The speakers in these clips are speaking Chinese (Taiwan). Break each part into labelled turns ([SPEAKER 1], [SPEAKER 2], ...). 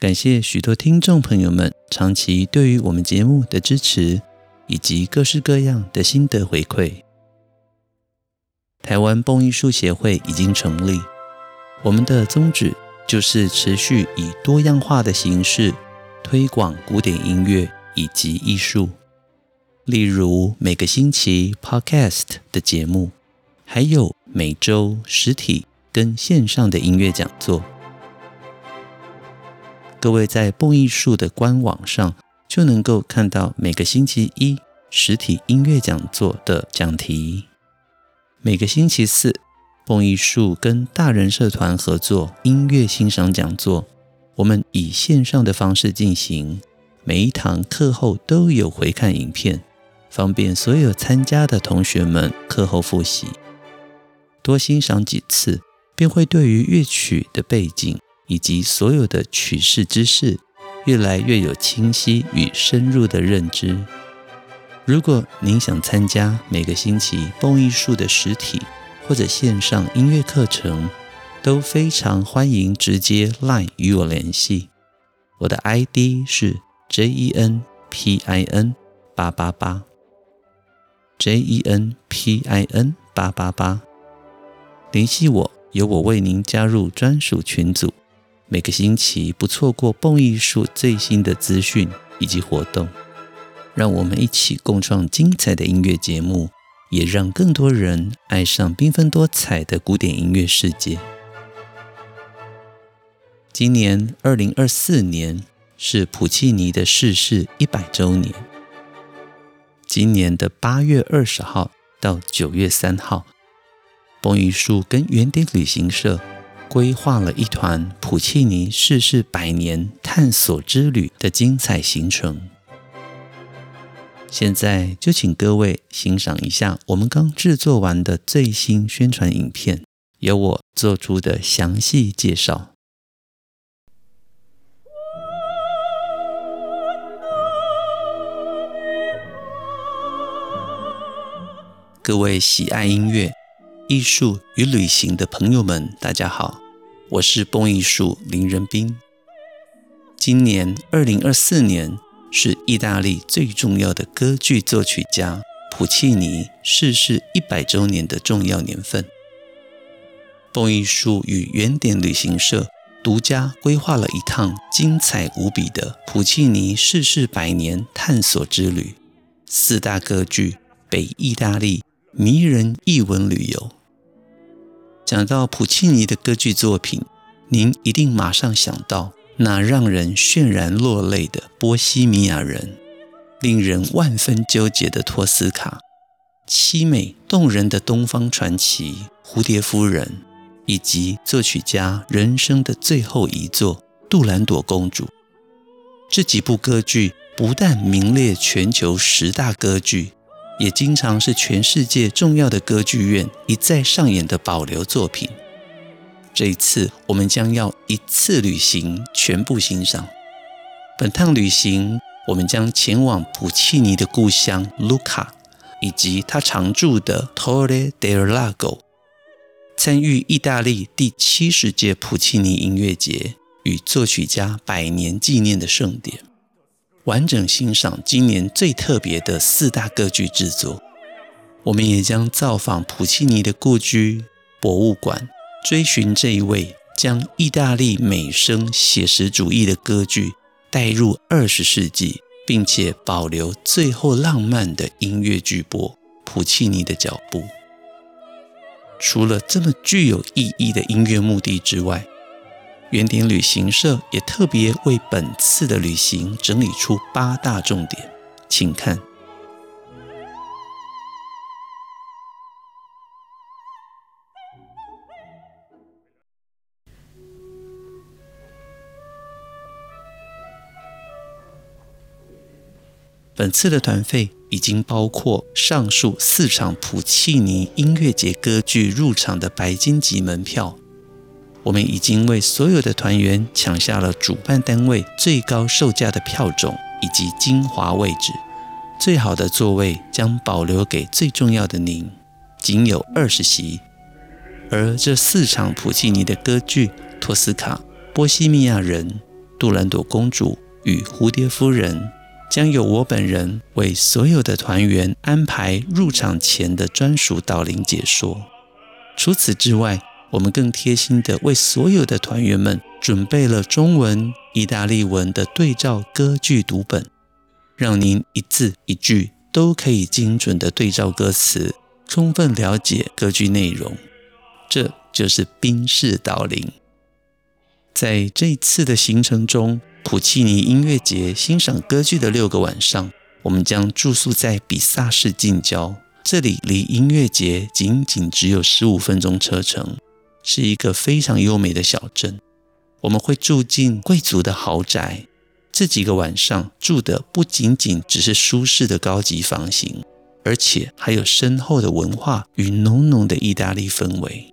[SPEAKER 1] 感謝許多聽眾朋友們長期對於我們節目的支持，以及各式各樣的心得回饋。台灣蹦藝術協會已經成立，我們的宗旨就是持續以多樣化的形式推廣古典音樂以及藝術，例如每個星期 Podcast 的節目，還有每周實體跟線上的音樂講座。各位在蹦藝術的官網上，就能夠看到每個星期一實體音樂講座的講題。每個星期四，蹦藝術跟大人社團合作音樂欣賞講座，我們以線上的方式進行。每一堂課後都有回看影片，方便所有參加的同學們課後複習，多欣賞幾次，便會對於樂曲的背景，以及所有的曲式知識，越來越有清晰與深入的認知。如果您想參加每個星期蹦藝術的實體或者線上音樂課程，都非常歡迎直接 LINE 與我聯繫。我的 ID 是 JENPIN 八八八，JENPIN 八八八，聯繫、e、我，由我為您加入專屬群組。每個星期，不錯過蹦藝術最新的資訊以及活動，讓我們一起共創精彩的音樂節目，也讓更多人愛上繽紛多彩的古典音樂世界。今年二零二四年是普契尼的逝世一百週年。今年的八月二十號到九月三號，蹦藝術跟原點旅行社。規劃了一團普契尼逝世百年探索之旅的精彩行程。現在就請各位欣賞一下我們剛製作完的最新宣傳影片，由我做出的詳細介紹。各位喜愛音樂藝術與旅行的朋友們，大家好，我是蹦藝術林仁斌。今年二零二四年是意大利最重要的歌劇作曲家普契尼逝世一百週年的重要年份。蹦藝術與原點旅行社獨家規劃了一趟精彩無比的普契尼逝世百年探索之旅，四大歌劇、北意大利迷人藝文旅遊。講到普契尼的歌劇作品，您一定馬上想到那讓人泫然落淚的《波西米亞人》，令人萬分糾結的《托斯卡》，淒美動人的《東方傳奇》《蝴蝶夫人》，以及作曲家人生的最後一作《杜蘭朵公主》。這幾部歌劇不但名列全球十大歌劇，也經常是全世界重要的歌劇院一再上演的保留作品。這一次，我們將要一次旅行全部欣賞。本趟旅行，我們將前往普契尼的故鄉盧卡，以及他常住的 Torre del Lago。參與意大利第七十屆普契尼音樂節與作曲家百年紀念的盛典。完整欣賞今年最特別的四大歌劇製作，我們也將造訪普契尼的故居博物館，追尋這一位將意大利美聲寫實主義的歌劇帶入二十世紀，並且保留最後浪漫的音樂巨擘，普契尼的腳步。除了這麼具有意義的音樂目的之外，圓點旅行社也特別為本次的旅行整理出八大重點，請看。本次的團費已經包括上述四場普契尼音樂節歌劇入場的白金級門票。我們已經為所有的團員搶下了主辦單位最高售價的票種以及精華位置，最好的座位將保留給最重要的您。僅有二十席，而這四場普契尼的歌劇《托斯卡》《波西米亞人》《杜蘭朵公主》與《蝴蝶夫人》，將由我本人為所有的團員安排入場前的專屬導聆解說。除此之外，我們更貼心的為所有的團員們準備了中文、意大利文的對照歌劇讀本，讓您一字一句都可以精準的對照歌詞，充分了解歌劇內容。這就是冰室島陵。在這一次的行程中，普契尼音樂節欣賞歌劇的六個晚上，我們將住宿在比薩市近郊，這裡離音樂節僅僅只有十五分鐘車程。是一個非常優美的小鎮，我們會住進貴族的豪宅。這幾個晚上住的不僅僅只是舒適的高級房型，而且還有深厚的文化與濃濃的意大利氛圍。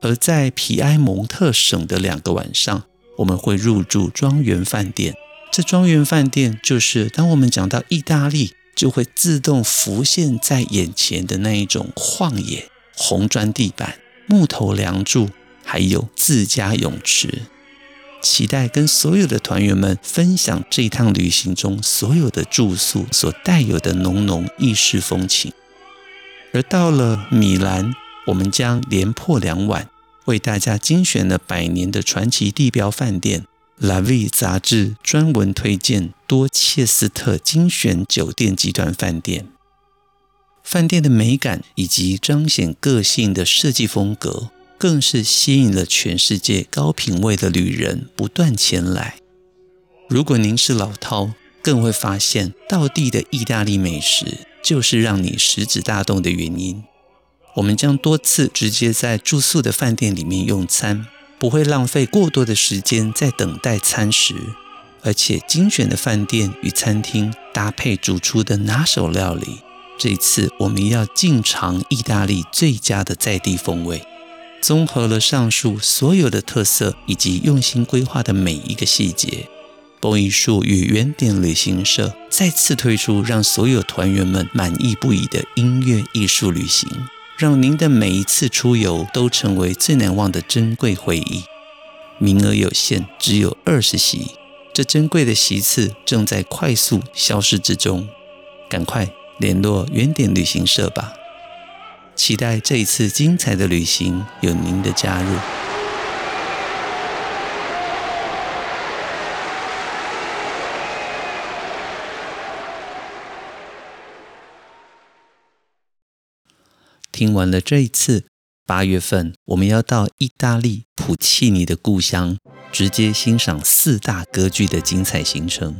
[SPEAKER 1] 而在皮埃蒙特省的兩個晚上，我們會入住莊園飯店。這莊園飯店就是當我們講到意大利，就會自動浮現在眼前的那一種曠野、紅磚地板。木頭梁柱，還有自家泳池，期待跟所有的團員們分享這趟旅行中所有的住宿所帶有的濃濃意式風情。而到了米蘭，我們將連破兩晚，為大家精選了百年的傳奇地標飯店。《La Vie》雜誌專門推薦多切斯特精選酒店集團飯店。飯店的美感以及彰顯個性的設計風格，更是吸引了全世界高品位的旅人不斷前來。如果您是老饕，更會發現道地的意大利美食就是讓你食指大動的原因。我們將多次直接在住宿的飯店裡面用餐，不會浪費過多的時間在等待餐食，而且精選的飯店與餐廳搭配主廚的拿手料理。這次，我們要盡嘗意大利最佳的在地風味，綜合了上述所有的特色以及用心規劃的每一個細節。蹦藝術與原點旅行社再次推出讓所有團員們滿意不已的音樂藝術旅行，讓您的每一次出遊都成為最難忘的珍貴回憶。名額有限，只有二十席，這珍貴的席次正在快速消失之中，趕快！聯絡原點旅行社吧，期待這一次精彩的旅行有您的加入。聽完了這一次，八月份我們要到意大利普契尼的故鄉，直接欣賞四大歌劇的精彩行程。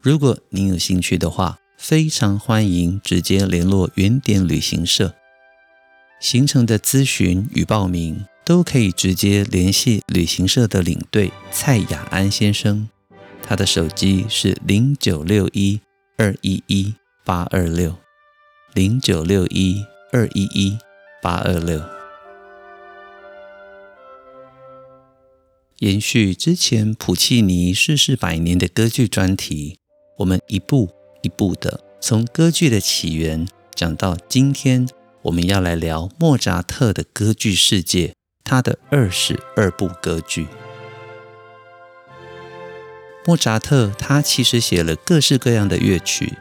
[SPEAKER 1] 如果您有興趣的話，非常歡迎直接聯絡原點旅行社，行程的諮詢與報名，都可以直接聯繫旅行社的領隊蔡雅安先生，他的手機是零九六一二一一八二六零九六一二一一八二六。延續之前普契尼逝世百年的歌劇專題，我們一步，一步的從歌劇的起源講到今天，我們要來聊莫扎特的歌劇世界，他的二十二部歌劇。莫扎特他其實寫了各式各樣的樂曲，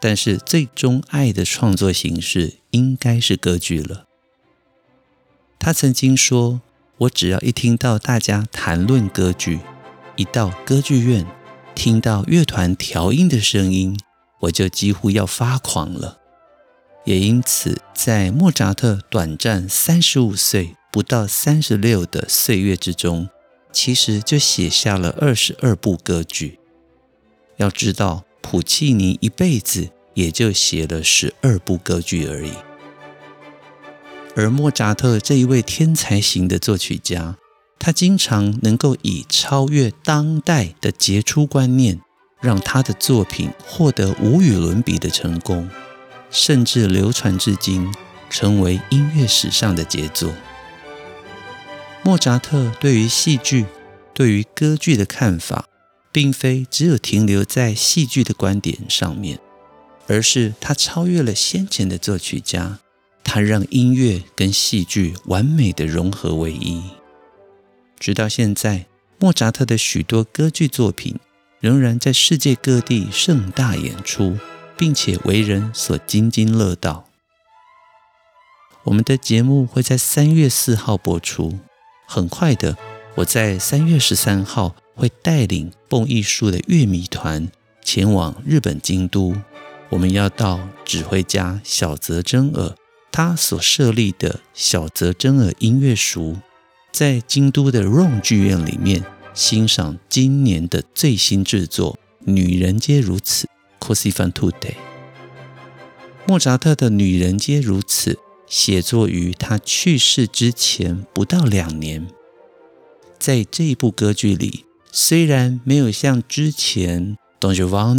[SPEAKER 1] 但是最鍾愛的創作形式應該是歌劇了。他曾經說：“我只要一聽到大家談論歌劇，一到歌劇院，聽到樂團調音的聲音。”我就幾乎要發狂了，也因此，在莫扎特短暫三十五歲、不到三十六的歲月之中，其實就寫下了二十二部歌劇。要知道，普契尼一輩子也就寫了十二部歌劇而已。而莫扎特這一位天才型的作曲家，他經常能夠以超越當代的傑出觀念。讓他的作品獲得無與倫比的成功，甚至流傳至今，成為音樂史上的傑作。莫扎特對於戲劇、對於歌劇的看法，並非只有停留在戲劇的觀點上面，而是他超越了先前的作曲家，他讓音樂跟戲劇完美的融合為一。直到現在，莫扎特的許多歌劇作品，仍然在世界各地盛大演出，並且為人所津津樂道。我們的節目會在三月四號播出。很快的，我在三月十三號會帶領蹦藝術的樂迷團前往日本京都。我們要到指揮家小澤征爾，他所設立的小澤征爾音樂塾，在京都的 Room 劇院裡面。欣賞今年的最新製作《女人皆如此》Così fan tutte。莫扎特的《女人皆如此》寫作於他去世之前不到兩年。在這一部歌劇裡，雖然沒有像之前《Don Giovanni》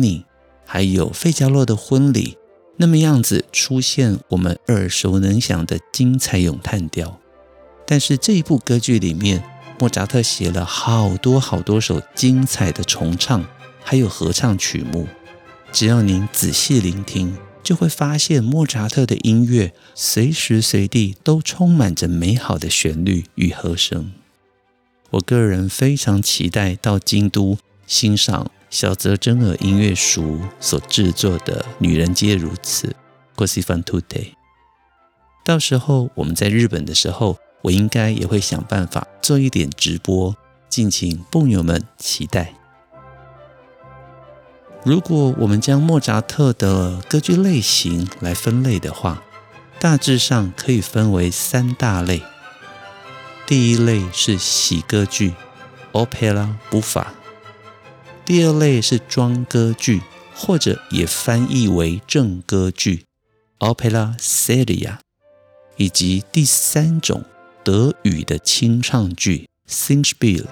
[SPEAKER 1] 還有《費加洛的婚禮》那麼樣子出現我們耳熟能詳的精彩詠嘆調，但是這一部歌劇裡面，莫扎特寫了好多好多首精彩的重唱，還有合唱曲目。只要您仔細聆聽，就會發現莫扎特的音樂隨時隨地都充滿着美好的旋律與和聲。我個人非常期待到京都欣賞小澤真爾音樂書所製作的《女人皆如此 g o s i f a n Today）。到時候我們在日本的時候。我應該也會想辦法做一點直播，敬請朋友們期待。如果我們將莫扎特的歌劇類型來分類的話，大致上可以分為三大類：第一類是喜歌劇 （Opera Buffa），第二類是莊歌劇，或者也翻譯為正歌劇 （Opera Seria），以及第三種。德語的清唱劇、Singspiel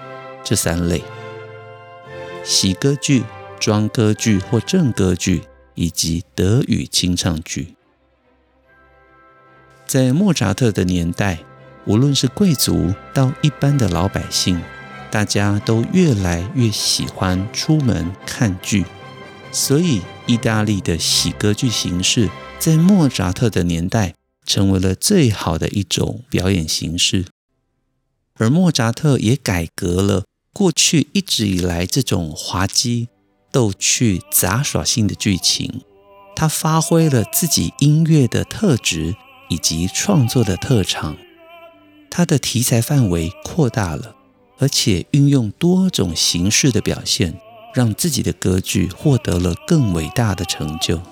[SPEAKER 1] 這三類，喜歌劇、莊歌劇或正歌劇，以及德語清唱劇，在莫扎特的年代，無論是貴族到一般的老百姓，大家都越來越喜歡出門看劇，所以意大利的喜歌劇形式在莫扎特的年代，成為了最好的一種表演形式，而莫扎特也改革了過去一直以來這種滑稽、逗趣、雜耍性的劇情。他發揮了自己音樂的特質以及創作的特長，他的題材範圍擴大了，而且運用多種形式的表現，讓自己的歌劇獲得了更偉大的成就。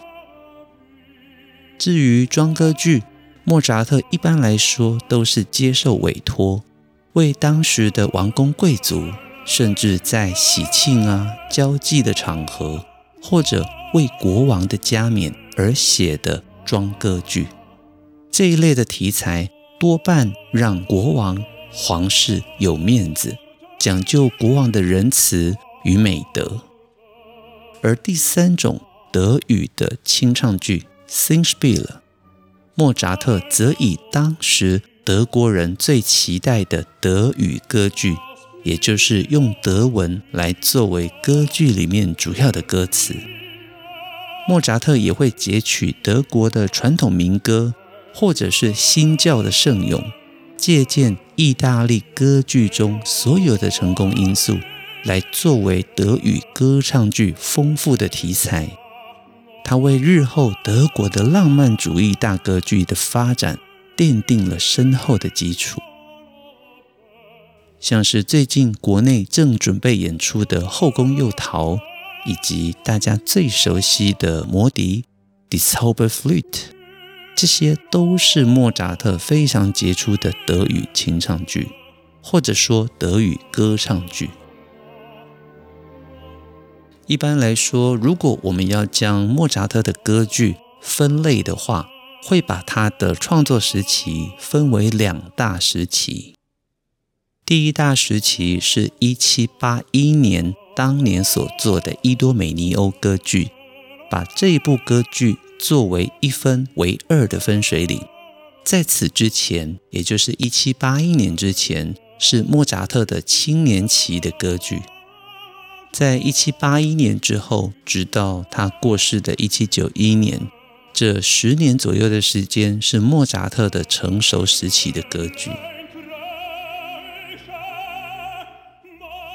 [SPEAKER 1] 至於莊歌劇，莫扎特一般來說都是接受委托，為當時的王公貴族，甚至在喜慶啊、交際的場合，或者為國王的加冕而寫的莊歌劇，這一類的題材多半讓國王、皇室有面子，講究國王的仁慈與美德。而第三種德語的清唱劇《Singspiel》莫扎特則以當時德國人最期待的德語歌劇，也就是用德文來作為歌劇裡面主要的歌詞。莫扎特也會截取德國的傳統民歌，或者是新教的聖詠，借鑑意大利歌劇中所有的成功因素，來作為德語歌唱劇豐富的題材。他為日後德國的浪漫主義大歌劇的發展奠定了深厚的基礎，像是最近國內正準備演出的《後宮誘逃》，以及大家最熟悉的《魔笛 Die Zauberflöte），這些都是莫扎特非常傑出的德語清唱劇，或者說德語歌唱劇。一般來說，如果我們要將莫扎特的歌劇分類的話，會把他的創作時期分為兩大時期。第一大時期是1781年當年所做的《伊多美尼歐》歌劇，把這一部歌劇作為一分為二的分水嶺。在此之前，也就是1781年之前，是莫扎特的青年期的歌劇。在一七八一年之後，直到他過世的一七九一年，這十年左右的時間是莫扎特的成熟時期的歌劇。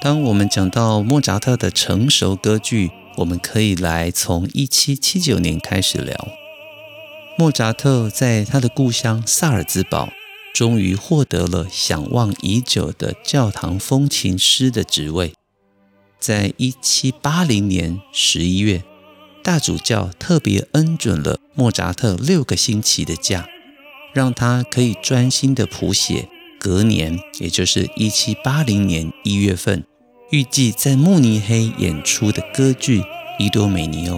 [SPEAKER 1] 當我們講到莫扎特的成熟歌劇，我們可以來從一七七九年開始聊。莫扎特在他的故鄉薩爾茲堡，終於獲得了嚮往已久的教堂風琴師的職位。在一七八零年十一月，大主教特別恩准了莫扎特六個星期的假，讓他可以專心地譜寫隔年，也就是一七八零年一月份，預計在慕尼黑演出的歌劇《伊多美尼歐》。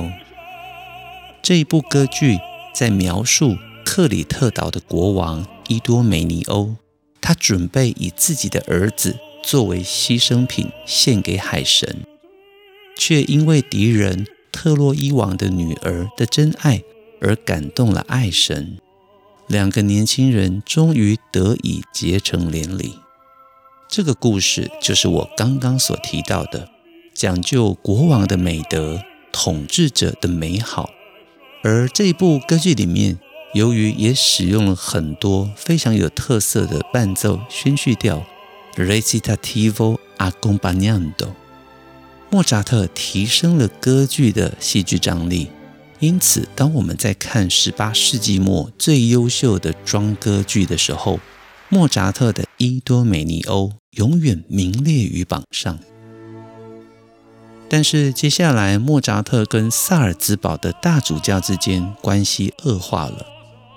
[SPEAKER 1] 這一部歌劇在描述克里特島的國王伊多美尼歐，他準備以自己的兒子。作為犧牲品獻給海神，卻因為敵人特洛伊王的女兒的真愛而感動了愛神，兩個年輕人終於得以結成連理。這個故事就是我剛剛所提到的，講究國王的美德、統治者的美好。而這部歌劇裡面，由於也使用了很多非常有特色的伴奏宣敘調。Recitativo accompagnando，莫扎特提升了歌劇的戲劇張力。因此，當我們在看十八世紀末最優秀的莊歌劇的時候，莫扎特的《伊多美尼歐》永遠名列於榜上。但是，接下來莫扎特跟薩爾茲堡的大主教之間關係惡化了，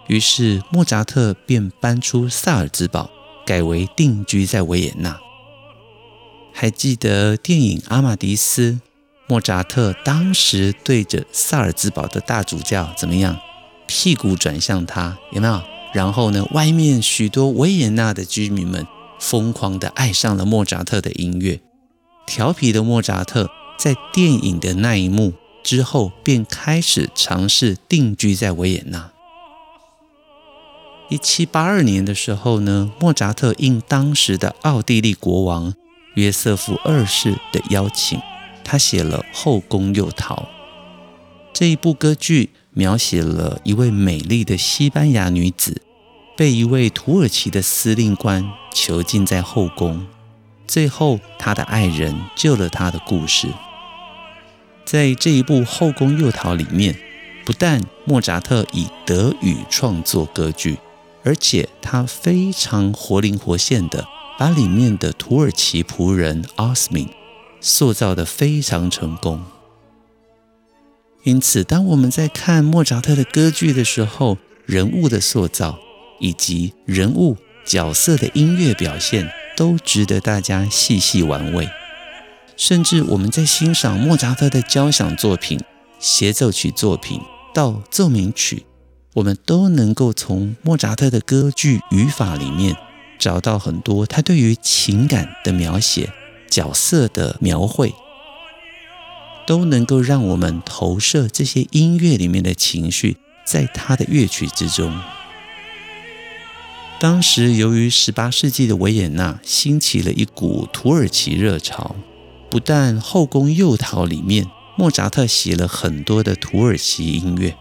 [SPEAKER 1] 於是莫扎特便搬出薩爾茲堡。改為定居在維也納。還記得電影《阿瑪迪斯》，莫札特當時對着薩爾茨堡的大主教怎麼樣？屁股轉向他，有沒有？然後呢，外面許多維也納的居民們瘋狂地愛上了莫扎特的音樂。調皮的莫扎特在電影的那一幕之後，便開始嘗試定居在維也納。一七八二年的時候呢，莫扎特應當時的奧地利國王約瑟夫二世的邀請，他寫了《後宮誘逃》這一部歌劇，描寫了一位美麗的西班牙女子被一位土耳其的司令官囚禁在後宮，最後她的愛人救了她的故事。在這一部《後宮誘逃》裡面，不但莫扎特以德語創作歌劇。而且他非常活靈活現的，把裡面的土耳其僕人奧斯敏塑造得非常成功。因此，當我們在看莫扎特的歌劇的時候，人物的塑造以及人物角色的音樂表現都值得大家細細玩味。甚至我們在欣賞莫扎特的交響作品、協奏曲作品到奏鳴曲。我們都能夠從莫扎特的歌劇語法裡面找到很多他對於情感的描寫、角色的描繪，都能夠讓我們投射這些音樂裡面的情緒在他的樂曲之中。當時由於十八世紀的維也納興起了一股土耳其熱潮，不但後宮誘逃裡面，莫扎特寫了很多的土耳其音樂。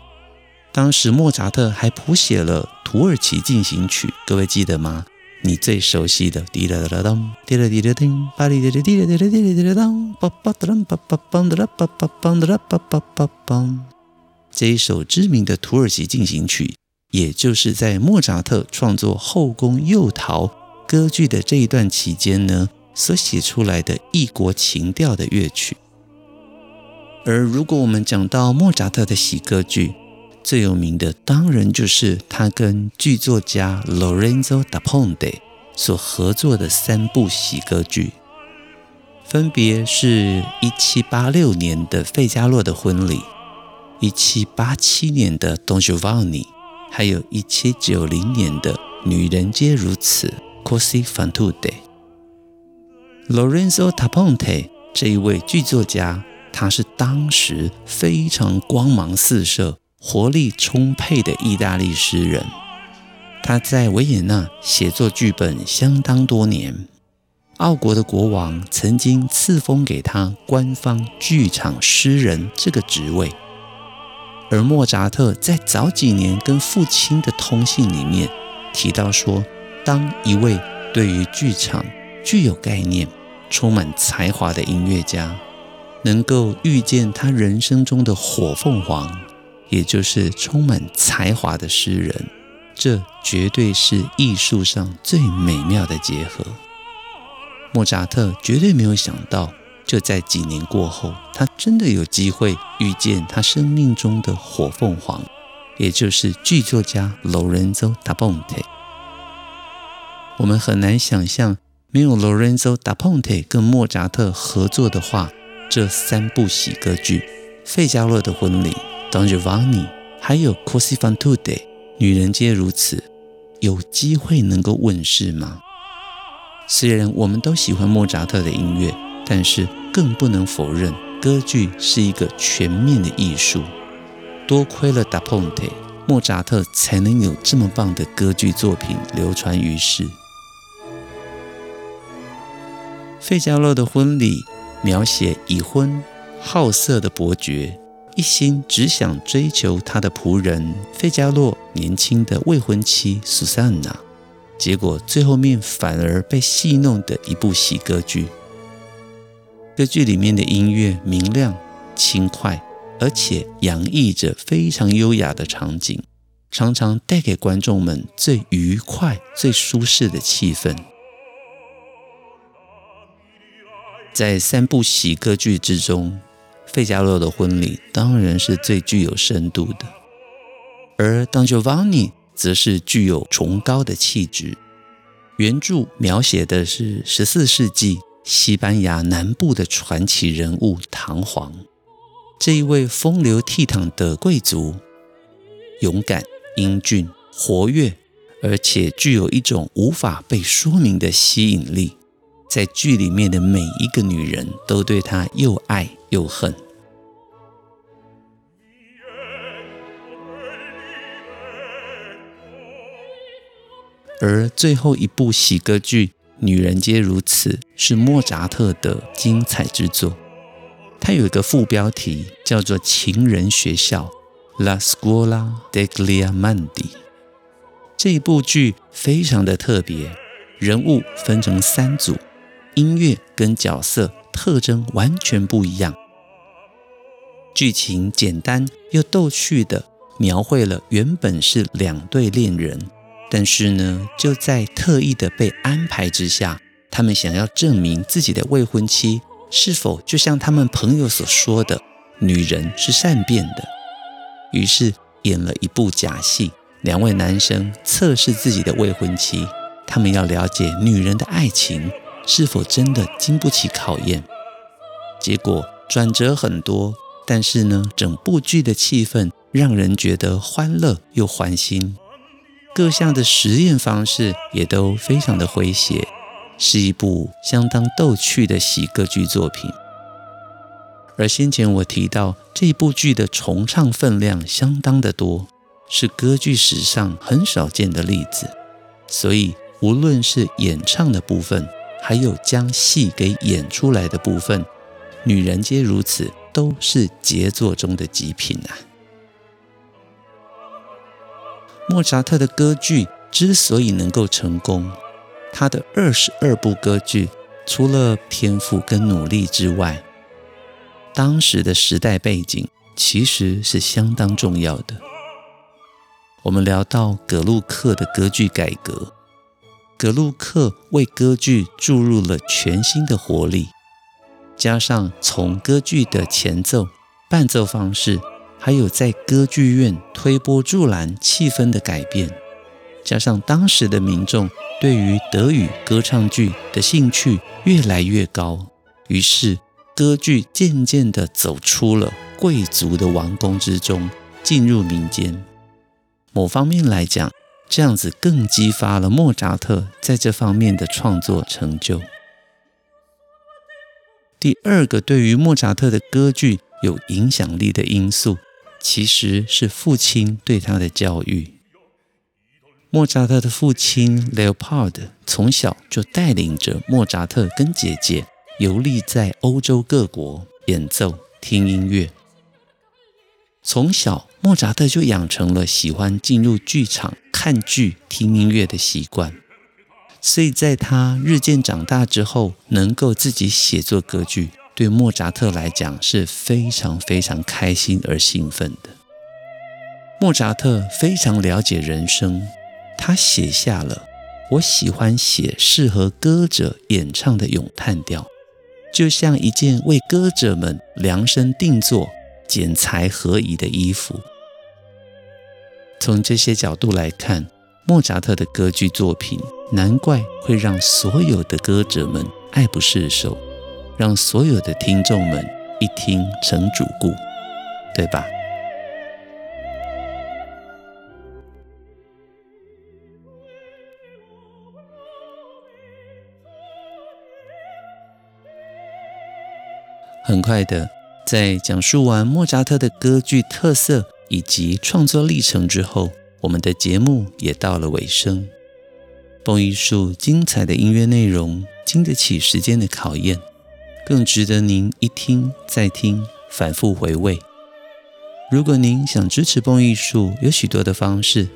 [SPEAKER 1] 當時莫扎特還譜寫了《土耳其進行曲》，各位記得嗎？你最熟悉的滴噠噠當滴噠滴噠叮，巴哩滴噠滴噠滴噠滴噠當，梆梆噠啷梆梆梆噠啷梆梆梆噠啷梆梆梆梆。這一首知名的《土耳其進行曲》，也就是在莫扎特創作《後宮誘逃》歌劇的這一段期間呢，所寫出來的異國情調的樂曲。而如果我們講到莫扎特的喜歌劇，最有名的當然就是他跟劇作家 Lorenzo da Ponte 所合作的三部喜歌劇，分別是一七八六年的《費加洛的婚禮》，一七八七年的《Don Giovanni 還有一七九零年的《女人皆如此 c o s i fan t u d e Lorenzo da Ponte 這一位劇作家，他是當時非常光芒四射。活力充沛的意大利詩人，他在維也納寫作劇本相當多年。奧國的國王曾經賜封給他“官方劇場詩人”這個職位。而莫扎特在早幾年跟父親的通信裡面提到說：“當一位對於劇場具有概念、充滿才華的音樂家，能夠遇見他人生中的火鳳凰。”也就是充滿才華的詩人，這絕對是藝術上最美妙的結合。莫扎特絕對沒有想到，就在幾年過後，他真的有機會遇見他生命中的火鳳凰，也就是劇作家 Lorenzo da Ponte。我們很難想象，沒有 Lorenzo da Ponte 跟莫扎特合作的話，這三部喜歌劇《費加洛的婚禮》。Don Giovanni，還有 Così fan tutte，女人皆如此，有機會能夠問世嗎？雖然我們都喜歡莫扎特的音樂，但是更不能否認歌劇是一個全面的藝術。多虧了 Da Ponte，莫扎特才能有這麼棒的歌劇作品流傳於世。費加羅的婚禮描寫已婚好色的伯爵。一心只想追求他的僕人費加洛年輕的未婚妻蘇珊娜，結果最後面反而被戲弄的一部喜歌劇。歌劇裡面的音樂明亮、輕快，而且洋溢着非常優雅的場景，常常帶給觀眾們最愉快、最舒適的氣氛。在三部喜歌劇之中，《費加羅的婚禮》當然是最具有深度的，而《Don Giovanni》則是具有崇高的氣質。原著描寫的是十四世紀西班牙南部的傳奇人物唐璜，這一位風流倜儻的貴族，勇敢、英俊、活躍，而且具有一種無法被說明的吸引力。在劇裡面的每一個女人都對他又愛又恨。而最後一部喜歌劇《女人皆如此》是莫扎特的精彩之作，它有一個副標題叫做《情人學校》（La Scuola degli a m a n d i 這部劇非常的特別，人物分成三組。音樂跟角色特徵完全不一樣。劇情簡單又逗趣的描繪了原本是兩對戀人，但是呢，就在特意的被安排之下，他們想要證明自己的未婚妻是否就像他們朋友所說的“女人是善變的”。於是演了一部假戲，兩位男生測試自己的未婚妻，他們要了解女人的愛情。是否真的經不起考驗？結果轉折很多，但是呢，整部劇的氣氛讓人覺得歡樂又歡欣，各項的實驗方式也都非常的詼諧，是一部相當逗趣的喜歌劇作品。而先前我提到這部劇的重唱分量相當的多，是歌劇史上很少見的例子，所以無論是演唱的部分。還有將戲給演出來的部分，女人皆如此，都是傑作中的極品啊！莫扎特的歌劇之所以能夠成功，他的二十二部歌劇，除了天賦跟努力之外，當時的時代背景其實是相當重要的。我們聊到格魯克的歌劇改革。格魯克為歌劇注入了全新的活力，加上從歌劇的前奏、伴奏方式，還有在歌劇院推波助瀾氣氛的改變，加上當時的民眾對於德語歌唱劇的興趣越來越高，於是歌劇漸漸地走出了貴族的王宮之中，進入民間。某方面來講，這樣子更激發了莫扎特在這方面的創作成就。第二個，對於莫扎特的歌劇有影響力的因素，其實是父親對他的教育。莫扎特的父親 Leopold 從小就帶領着莫扎特跟姐姐遊歷在歐洲各國，演奏、聽音樂，從小，莫扎特就養成了喜歡進入劇場看劇、聽音樂的習慣，所以在他日漸長大之後，能夠自己寫作歌劇，對莫扎特來講是非常非常開心而興奮的。莫扎特非常了解人生，他寫下了我喜歡寫適合歌者演唱的詠嘆調，就像一件為歌者們量身定做、剪裁合宜的衣服。從這些角度來看，莫扎特的歌劇作品，難怪會讓所有的歌者們愛不釋手，讓所有的聽眾們一聽成主顧，對吧？很快的，在講述完莫扎特的歌劇特色，以及創作歷程之後，我們的節目也到了尾聲。蹦藝術精彩的音樂內容經得起時間的考驗，更值得您一聽再聽，反覆回味。如果您想支持蹦藝術，有許多的方式。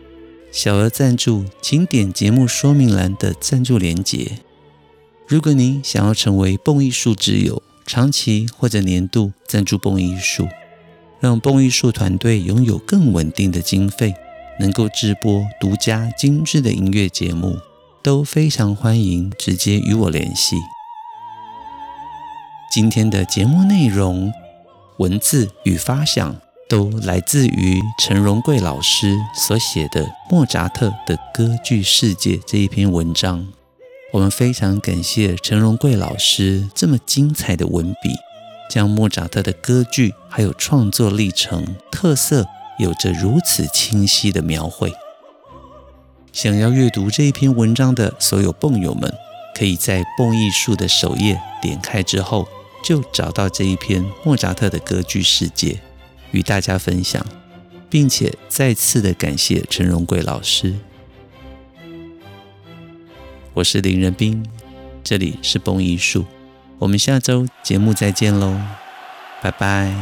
[SPEAKER 1] 小額贊助，請點節目說明欄的贊助連結。如果您想要成為蹦藝術之友，長期或者年度贊助蹦藝術。讓蹦藝術團隊擁有更穩定的經費，能夠直播獨家精致的音樂節目，都非常歡迎直接與我聯繫。今天的節目內容、文字與發想都來自於陳榮貴老師所寫的《莫扎特的歌劇世界》這一篇文章，我們非常感謝陳榮貴老師這麼精彩的文筆。將莫扎特的歌劇還有創作歷程特色有着如此清晰的描繪。想要閱讀這一篇文章的所有蹦友們，可以在蹦藝術的首頁點開之後，就找到這一篇莫扎特的歌劇世界與大家分享，並且再次的感謝陳榮貴老師。我是林仁斌，這裡是蹦藝術。我們下周節目再見嘍，拜拜。